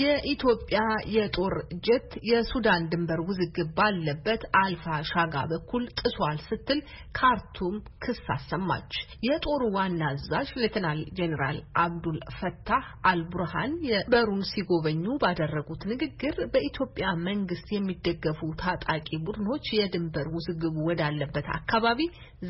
የኢትዮጵያ የጦር ጀት የሱዳን ድንበር ውዝግብ ባለበት አልፋ ሻጋ በኩል ጥሷል ስትል ካርቱም ክስ አሰማች። የጦሩ ዋና አዛዥ ሌተናል ጄኔራል አብዱል ፈታህ አልቡርሃን የበሩን ሲጎበኙ ባደረጉት ንግግር በኢትዮጵያ መንግስት የሚደገፉ ታጣቂ ቡድኖች የድንበር ውዝግቡ ወዳለበት አካባቢ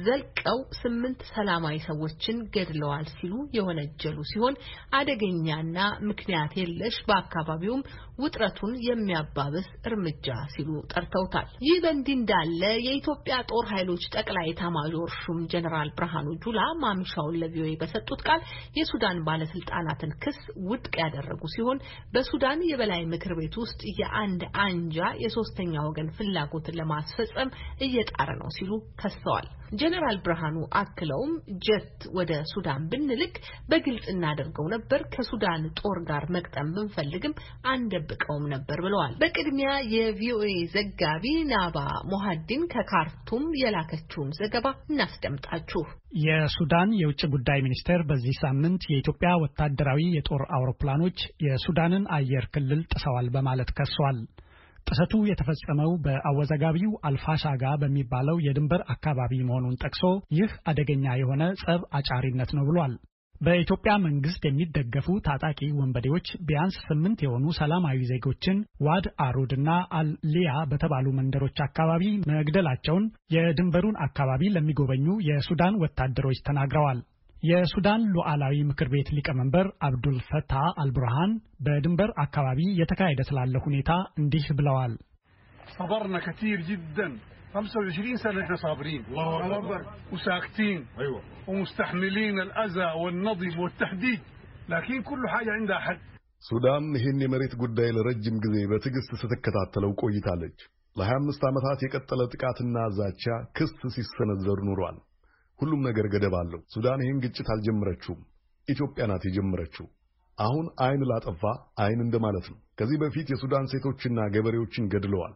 ዘልቀው ስምንት ሰላማዊ ሰዎችን ገድለዋል ሲሉ የወነጀሉ ሲሆን አደገኛና ምክንያት የለሽ በአካባቢ አካባቢውም ውጥረቱን የሚያባብስ እርምጃ ሲሉ ጠርተውታል። ይህ በእንዲህ እንዳለ የኢትዮጵያ ጦር ኃይሎች ጠቅላይ ኤታማዦር ሹም ጀኔራል ብርሃኑ ጁላ ማምሻውን ለቪኦኤ በሰጡት ቃል የሱዳን ባለስልጣናትን ክስ ውድቅ ያደረጉ ሲሆን በሱዳን የበላይ ምክር ቤት ውስጥ የአንድ አንጃ የሶስተኛ ወገን ፍላጎትን ለማስፈጸም እየጣረ ነው ሲሉ ከሰዋል። ጀኔራል ብርሃኑ አክለውም ጀት ወደ ሱዳን ብንልክ በግልጽ እናደርገው ነበር። ከሱዳን ጦር ጋር መቅጠም ብንፈልግም አንደ ደብቀውም ነበር ብለዋል። በቅድሚያ የቪኦኤ ዘጋቢ ናባ ሞሀዲን ከካርቱም የላከችውን ዘገባ እናስደምጣችሁ። የሱዳን የውጭ ጉዳይ ሚኒስቴር በዚህ ሳምንት የኢትዮጵያ ወታደራዊ የጦር አውሮፕላኖች የሱዳንን አየር ክልል ጥሰዋል በማለት ከሷል። ጥሰቱ የተፈጸመው በአወዛጋቢው አልፋሻጋ በሚባለው የድንበር አካባቢ መሆኑን ጠቅሶ ይህ አደገኛ የሆነ ጸብ አጫሪነት ነው ብሏል። በኢትዮጵያ መንግስት የሚደገፉ ታጣቂ ወንበዴዎች ቢያንስ ስምንት የሆኑ ሰላማዊ ዜጎችን ዋድ አሩድ እና አልሊያ በተባሉ መንደሮች አካባቢ መግደላቸውን የድንበሩን አካባቢ ለሚጎበኙ የሱዳን ወታደሮች ተናግረዋል። የሱዳን ሉዓላዊ ምክር ቤት ሊቀመንበር አብዱልፈታ አልቡርሃን አልብርሃን በድንበር አካባቢ የተካሄደ ስላለ ሁኔታ እንዲህ ብለዋል። ሰበርና ከቲር ጅደን 25 سنه سنة صابرين الله وساكتين ايوه ومستحملين الاذى والنضب والتهديد لكن كل حاجه عندها حد ሱዳን ይህን የመሬት ጉዳይ ለረጅም ጊዜ በትዕግስት ስትከታተለው ቆይታለች። ለ25 ዓመታት የቀጠለ ጥቃትና ዛቻ ክስ ሲሰነዘር ኑሯል። ሁሉም ነገር ገደብ አለው። ሱዳን ይህን ግጭት አልጀመረችውም። ኢትዮጵያ ናት የጀመረችው። አሁን አይን ላጠፋ አይን እንደማለት ነው። ከዚህ በፊት የሱዳን ሴቶችና ገበሬዎችን ገድለዋል።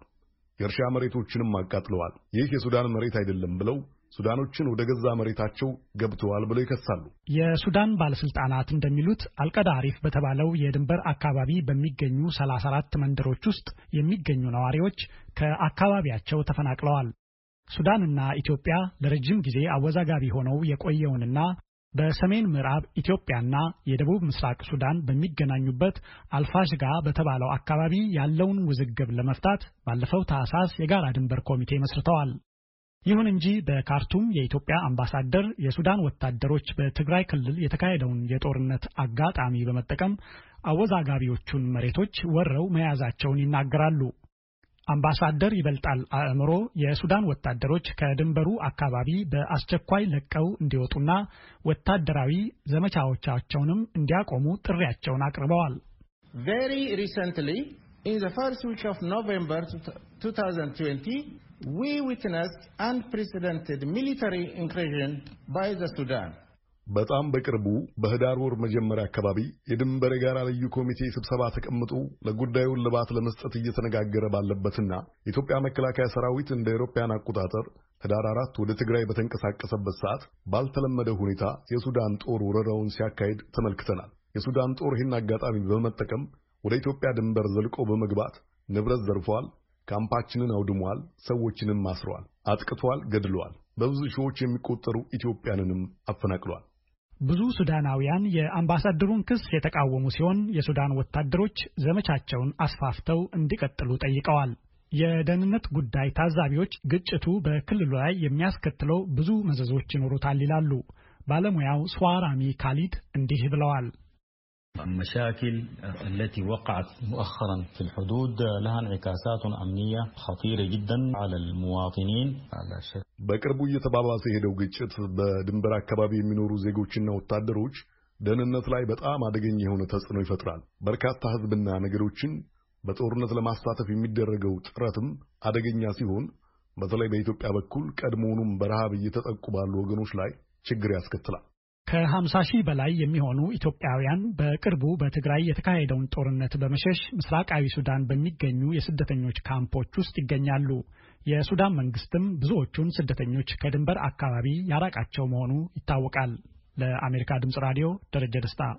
የእርሻ መሬቶችንም አቃጥለዋል። ይህ የሱዳን መሬት አይደለም ብለው ሱዳኖችን ወደ ገዛ መሬታቸው ገብተዋል ብለው ይከሳሉ። የሱዳን ባለስልጣናት እንደሚሉት አልቀዳሪፍ በተባለው የድንበር አካባቢ በሚገኙ 34 መንደሮች ውስጥ የሚገኙ ነዋሪዎች ከአካባቢያቸው ተፈናቅለዋል። ሱዳንና ኢትዮጵያ ለረጅም ጊዜ አወዛጋቢ ሆነው የቆየውንና በሰሜን ምዕራብ ኢትዮጵያና የደቡብ ምስራቅ ሱዳን በሚገናኙበት አልፋሽጋ በተባለው አካባቢ ያለውን ውዝግብ ለመፍታት ባለፈው ታህሳስ የጋራ ድንበር ኮሚቴ መስርተዋል። ይሁን እንጂ በካርቱም የኢትዮጵያ አምባሳደር የሱዳን ወታደሮች በትግራይ ክልል የተካሄደውን የጦርነት አጋጣሚ በመጠቀም አወዛጋቢዎቹን መሬቶች ወረው መያዛቸውን ይናገራሉ። አምባሳደር ይበልጣል አእምሮ የሱዳን ወታደሮች ከድንበሩ አካባቢ በአስቸኳይ ለቀው እንዲወጡና ወታደራዊ ዘመቻዎቻቸውንም እንዲያቆሙ ጥሪያቸውን አቅርበዋል። ቬሪ ሪሰንትሊ ኢን ዘ ፈርስት ዊክ ኦፍ ኖቬምበር 2020 ዊ ዊትነስድ አንፕሬሲደንትድ ሚሊተሪ ኢንክሬዥን በጣም በቅርቡ በህዳር ወር መጀመሪያ አካባቢ የድንበር የጋራ ልዩ ኮሚቴ ስብሰባ ተቀምጦ ለጉዳዩን ልባት ለመስጠት እየተነጋገረ ባለበትና የኢትዮጵያ መከላከያ ሰራዊት እንደ አውሮፓውያን አቆጣጠር ህዳር አራት ወደ ትግራይ በተንቀሳቀሰበት ሰዓት ባልተለመደ ሁኔታ የሱዳን ጦር ወረራውን ሲያካሂድ ተመልክተናል። የሱዳን ጦር ይህን አጋጣሚ በመጠቀም ወደ ኢትዮጵያ ድንበር ዘልቆ በመግባት ንብረት ዘርፏል፣ ካምፓችንን አውድሟል፣ ሰዎችንም አስሯል፣ አጥቅቷል፣ ገድሏል። በብዙ ሺዎች የሚቆጠሩ ኢትዮጵያንንም አፈናቅሏል። ብዙ ሱዳናውያን የአምባሳደሩን ክስ የተቃወሙ ሲሆን የሱዳን ወታደሮች ዘመቻቸውን አስፋፍተው እንዲቀጥሉ ጠይቀዋል። የደህንነት ጉዳይ ታዛቢዎች ግጭቱ በክልሉ ላይ የሚያስከትለው ብዙ መዘዞች ይኖሩታል ይላሉ። ባለሙያው ስዋራሚ ካሊድ እንዲህ ብለዋል። المشاكل التي وقعت مؤخرا في الحدود لها انعكاسات أمنية خطيرة جدا على المواطنين على الشرق بقربو يتبابا سيهدو قيتشت بدنبرا كبابي من روزي قوشنا والتادروش دن الناس لاي بتقا ما دقيني هون تسنوي فتران بركات تهز بنا نقروشن بتقور الناس لما استاتف يمد الرقو تقرتم عدقيني هون بطلعي بيتوك أبا كل كادمونم برهابي يتتقبال وغنوش لاي چگریاس کتلا ከ50 ሺህ በላይ የሚሆኑ ኢትዮጵያውያን በቅርቡ በትግራይ የተካሄደውን ጦርነት በመሸሽ ምስራቃዊ ሱዳን በሚገኙ የስደተኞች ካምፖች ውስጥ ይገኛሉ። የሱዳን መንግስትም ብዙዎቹን ስደተኞች ከድንበር አካባቢ ያራቃቸው መሆኑ ይታወቃል። ለአሜሪካ ድምፅ ራዲዮ ደረጀ ደስታ